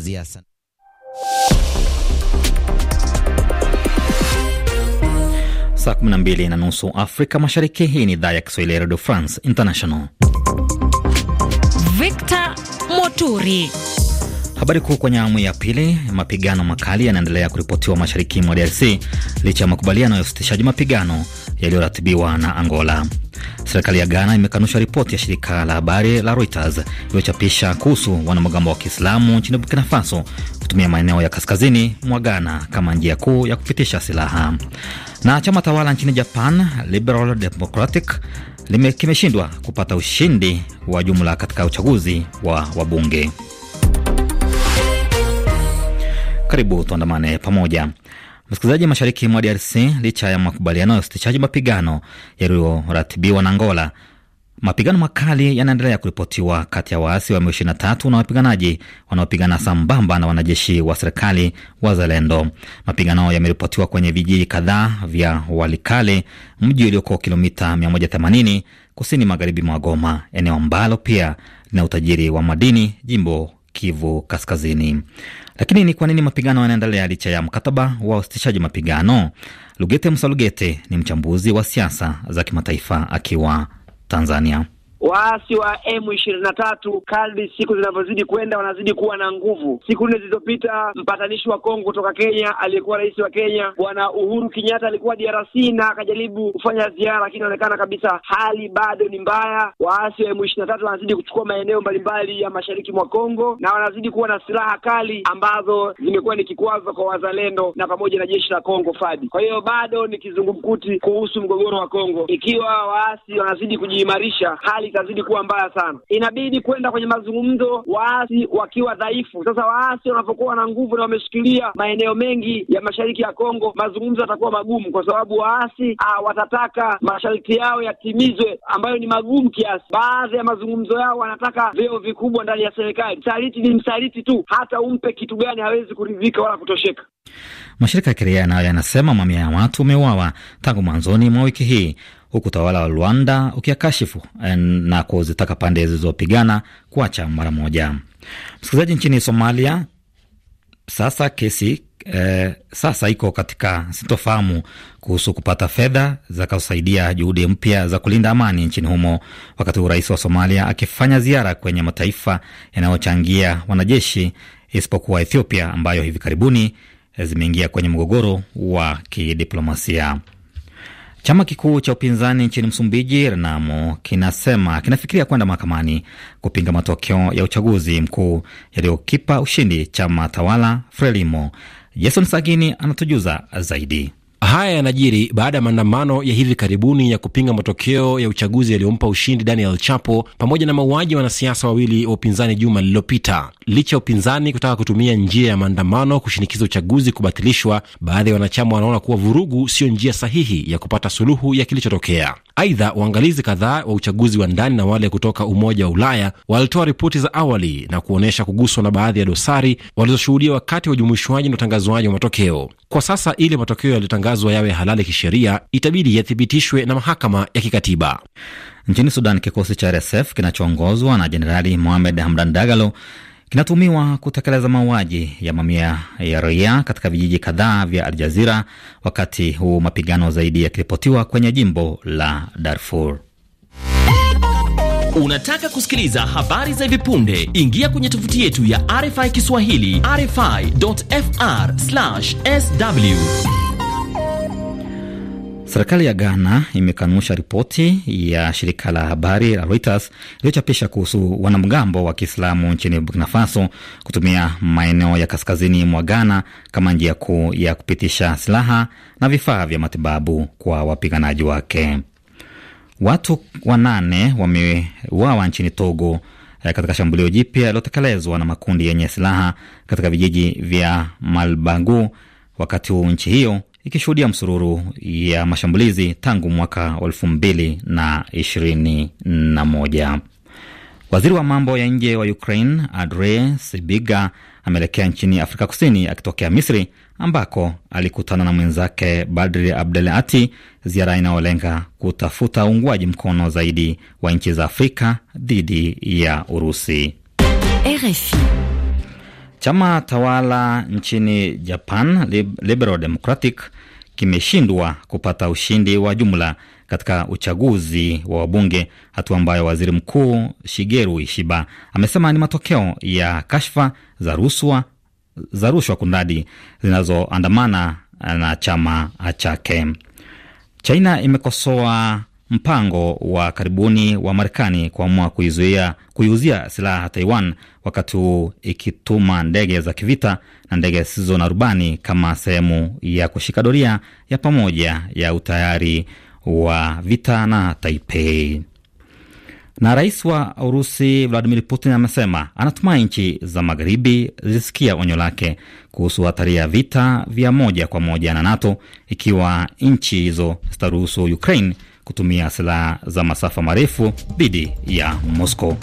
tunaangazia sana saa 12 na nusu Afrika Mashariki. Hii ni idhaa ya Kiswahili ya Radio France International. Victor Moturi. Habari kuu kwenye awamu ya pili: mapigano makali yanaendelea kuripotiwa mashariki mwa DRC licha ya makubaliano ya usitishaji mapigano yaliyoratibiwa na Angola. Serikali ya Ghana imekanusha ripoti ya shirika la habari la Reuters iliyochapisha kuhusu wanamgambo wa Kiislamu nchini Burkina Faso kutumia maeneo ya kaskazini mwa Ghana kama njia kuu ya kupitisha silaha. Na chama tawala nchini Japan, Liberal Democratic, kimeshindwa kupata ushindi wa jumla katika uchaguzi wa wabunge. Karibu tuandamane pamoja. Msikilizaji, mashariki mwa DRC, licha ya makubaliano ya usitishaji mapigano yaliyoratibiwa na Angola, mapigano makali yanaendelea kuripotiwa kati ya waasi wa M23 na wapiganaji wanaopigana sambamba na wanajeshi wa serikali wa zalendo Mapigano yameripotiwa kwenye vijiji kadhaa vya Walikale, mji ulioko kilomita 180 kusini magharibi mwa Goma, eneo ambalo pia lina utajiri wa madini, jimbo Kivu Kaskazini. Lakini ni kwa nini mapigano yanaendelea licha ya mkataba wa usitishaji mapigano? Lugete Msalugete ni mchambuzi wa siasa za kimataifa akiwa Tanzania. Waasi wa M23 kadri siku zinavyozidi kwenda wanazidi kuwa na nguvu. Siku nne zilizopita, mpatanishi wa Kongo kutoka Kenya, aliyekuwa rais wa Kenya Bwana Uhuru Kenyatta alikuwa DRC na akajaribu kufanya ziara, lakini inaonekana kabisa hali bado ni mbaya. Waasi wa M23 wanazidi kuchukua maeneo mbalimbali ya mashariki mwa Kongo na wanazidi kuwa na silaha kali ambazo zimekuwa ni kikwazo kwa wazalendo na pamoja na jeshi la Kongo fadi Kwa hiyo bado ni kizungumkuti kuhusu mgogoro wa Kongo. Ikiwa waasi wanazidi kujiimarisha, hali itazidi kuwa mbaya sana. Inabidi kwenda kwenye mazungumzo waasi wakiwa dhaifu. Sasa waasi wanapokuwa na nguvu na wameshikilia maeneo mengi ya mashariki ya Kongo, mazungumzo yatakuwa magumu, kwa sababu waasi ah, watataka masharti yao yatimizwe ambayo ni magumu kiasi. Baadhi ya mazungumzo yao wanataka vyeo vikubwa ndani ya serikali. Msaliti ni msaliti tu, hata umpe kitu gani hawezi kuridhika wala kutosheka. Mashirika ya kiraia nayo yanasema mamia ya watu wameuawa tangu mwanzoni mwa wiki hii huku utawala wa Rwanda ukiakashifu eh, na kuzitaka pande zilizopigana kuacha mara moja. Msikilizaji, nchini Somalia sasa kesi Eh, sasa iko katika sintofahamu kuhusu kupata fedha zakazosaidia juhudi mpya za kulinda amani nchini humo, wakati huu rais wa Somalia akifanya ziara kwenye mataifa yanayochangia wanajeshi isipokuwa Ethiopia ambayo hivi karibuni eh, zimeingia kwenye mgogoro wa kidiplomasia. Chama kikuu cha upinzani nchini Msumbiji, Renamo, kinasema kinafikiria kwenda mahakamani kupinga matokeo ya uchaguzi mkuu yaliyokipa ushindi chama tawala Frelimo. Jason Sagini anatujuza zaidi. Haya yanajiri baada ya maandamano ya hivi karibuni ya kupinga matokeo ya uchaguzi yaliyompa ushindi Daniel Chapo pamoja na mauaji ya wanasiasa wawili wa upinzani juma lililopita. Licha ya upinzani kutaka kutumia njia ya maandamano kushinikiza uchaguzi kubatilishwa, baadhi ya wanachama wanaona kuwa vurugu sio njia sahihi ya kupata suluhu ya kilichotokea. Aidha, waangalizi kadhaa wa uchaguzi wa ndani na wale kutoka Umoja wa Ulaya walitoa ripoti za awali na kuonyesha kuguswa na baadhi ya dosari walizoshuhudia wakati wa ujumuishwaji na utangazwaji wa matokeo. Kwa sasa, ili matokeo yaliyotangazwa yawe halali kisheria, itabidi yathibitishwe na mahakama ya kikatiba. Nchini Sudan, kikosi cha RSF kinachoongozwa na Jenerali Mohamed Hamdan Dagalo kinatumiwa kutekeleza mauaji ya mamia ya raia katika vijiji kadhaa vya Aljazira, wakati huu mapigano zaidi yakiripotiwa kwenye jimbo la Darfur. Unataka kusikiliza habari za hivi punde? Ingia kwenye tovuti yetu ya RFI Kiswahili, rfi.fr/sw. Serikali ya Ghana imekanusha ripoti ya shirika la habari la Reuters iliyochapisha kuhusu wanamgambo wa Kiislamu nchini Burkina Faso kutumia maeneo ya kaskazini mwa Ghana kama njia kuu ya kupitisha silaha na vifaa vya matibabu kwa wapiganaji wake. Watu wanane wameuawa nchini Togo eh, katika shambulio jipya lilotekelezwa na makundi yenye silaha katika vijiji vya Malbangu, wakati huu nchi hiyo ikishuhudia msururu ya mashambulizi tangu mwaka wa elfu mbili na ishirini na moja. Waziri wa mambo ya nje wa Ukraine Andre Sibiga ameelekea nchini Afrika Kusini akitokea Misri ambako alikutana na mwenzake Badri ati ziara inayolenga kutafuta uungwaji mkono zaidi wa nchi za Afrika dhidi ya Urusi. RFI. Chama tawala nchini Japan, Liberal Democratic, kimeshindwa kupata ushindi wa jumla katika uchaguzi wa wabunge, hatua ambayo waziri mkuu Shigeru Ishiba amesema ni matokeo ya kashfa za rushwa za rushwa kundadi zinazoandamana na chama chake. China imekosoa mpango wa karibuni wa Marekani kuamua kuizuia kuiuzia silaha Taiwan, wakati huu ikituma ndege za kivita na ndege zisizo na rubani kama sehemu ya kushika doria ya pamoja ya utayari wa vita na Taipei. Na rais wa Urusi Vladimir Putin amesema anatumai nchi za magharibi zilisikia onyo lake kuhusu hatari ya vita vya moja kwa moja na NATO ikiwa nchi hizo zitaruhusu Ukraine kutumia silaha za masafa marefu dhidi ya Moscow.